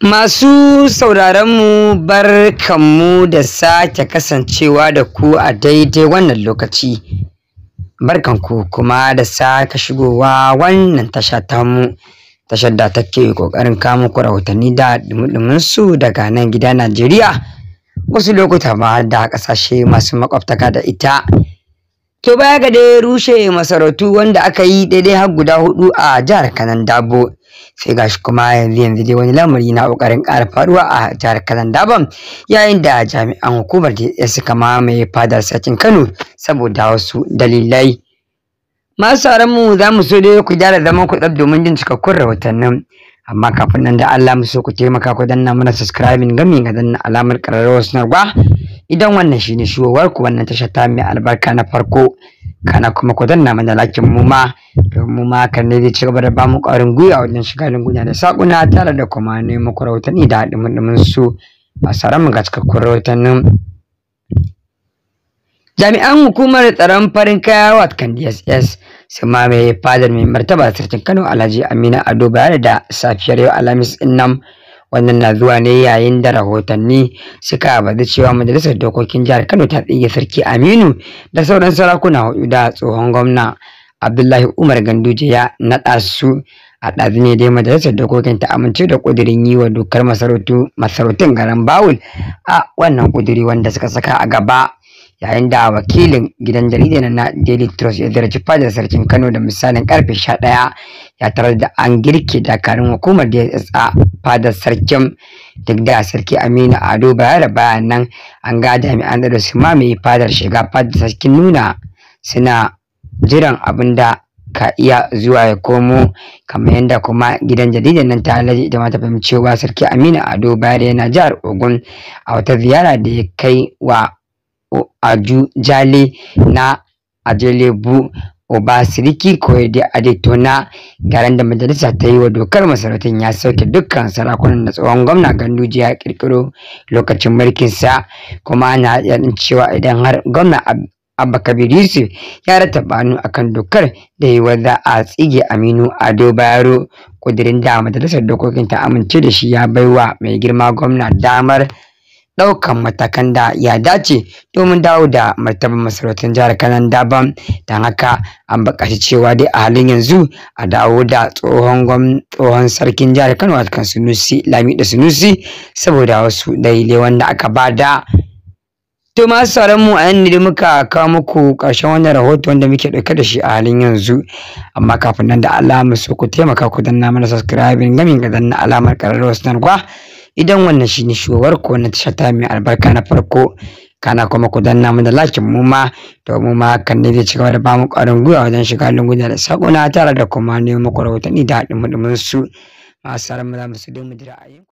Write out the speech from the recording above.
Masu sauraronmu bar kanmu da sake kasancewa da ku a daidai wannan lokaci. Barkanku kuma da sake shigowa wannan tasha tamu, tashar da take ƙoƙarin kamo ku rahotanni da dumudumunsu daga nan gida Najeriya, wasu lokuta ma da ƙasashe masu makwabtaka da ita. To baya ga dai rushe masarautu wanda aka yi daidai har guda hudu a jihar Kanan Dabo. sai gashi kuma yanzu yanzu dai wani lamari na kokarin ƙara faruwa a jihar Kalandaban, Daban yayin da jami'an hukumar da suka mamaye fadar sakin Kano saboda wasu dalilai masu mu za mu so dai ku gyara zaman ku tsab domin jin cikakkun rahotannin amma kafin nan da Allah mu ku taimaka ku danna mana subscribing gami ga danna alamar ƙararrawar sanarwa idan wannan shine shigowar ku wannan tashar ta mai albarka na farko kana kuma ku danna mana lakin mu ma don mu ma kan ne zai ci gaba da ba mu ƙwarin gwiwa wajen shiga lunguna da sakuna tare da kuma nemo ku rahotanni da haɗin su a tsaron mu ga cikakkun rahotannin jami'an hukumar tsaron farin kaya wat kan dss sun mamaye fadar mai martaba sarkin kano alhaji amina ado bayar da safiyar yau alhamis nan wannan na zuwa ne yayin da rahotanni suka bazu cewa majalisar dokokin jihar kano ta tsige sarki aminu da sauran sarakuna hudu da tsohon gwamna abdullahi umar ganduje ya naɗa su a ɗazu ne dai majalisar dokokin ta amince da ƙudurin yi wa dokar masarautun garin bawul a wannan ƙuduri wanda suka saka a gaba yayin da wakilin gidan jaridar na daily trust ya ziyarci fadar sarkin kano da misalin karfe 11 ya tarar da an girke dakarun hukumar dss fadar sarkin duk da sarki aminu ado bayar bayan nan an ga jami'an da su mamaye fadar shiga fadar sarkin nuna suna jiran abin da ka iya zuwa ya komo kamar yadda kuma gidan jaridar nan ta halaji ita ma ta fahimci cewa sarki aminu ado bayar yana jihar ogun a wata ziyara da ya kai wa Ajujale na Ajelebu obasiriki Koyede Adetona gyaran da majalisa ta yi wa dokar masarautun ya sauke dukkan sarakunan da tsohon gwamna Ganduje ya kirkiro lokacin mulkinsa kuma ana yadin cewa idan har gwamna Abba Kabir Yusuf ya rata hannu akan dokar da yiwuwar za a tsige Aminu Ado Bayero kudirin da majalisar dokokin ta amince da shi ya baiwa mai girma gwamna damar ɗaukan matakan da ya dace domin dawo da martaban masarautar jihar kanan daban don haka an bakaci cewa dai a halin yanzu a dawo da tsohon tsohon sarkin jihar kano a kan sunusi lami da sunusi saboda wasu dalilai wanda aka bada To masu sauran mu a ne muka kawo muku ƙarshen wannan rahoton wanda muke ɗauke da shi a halin yanzu. Amma kafin nan da Allah mu so ku taimaka ku danna mana subscribing gamin ga danna alamar ƙararrawar sanarwa. idan wannan shine shugabar ko na tasha ta mai albarka na farko kana kuma ku danna mu da lakin mu ma to mu ma hakan ne zai ci gaba da bamu ƙwarin gwiwa wajen shiga gudanar da na, tare da kuma neman muku ni da haɗin mu su masu sarar mu za mu su domin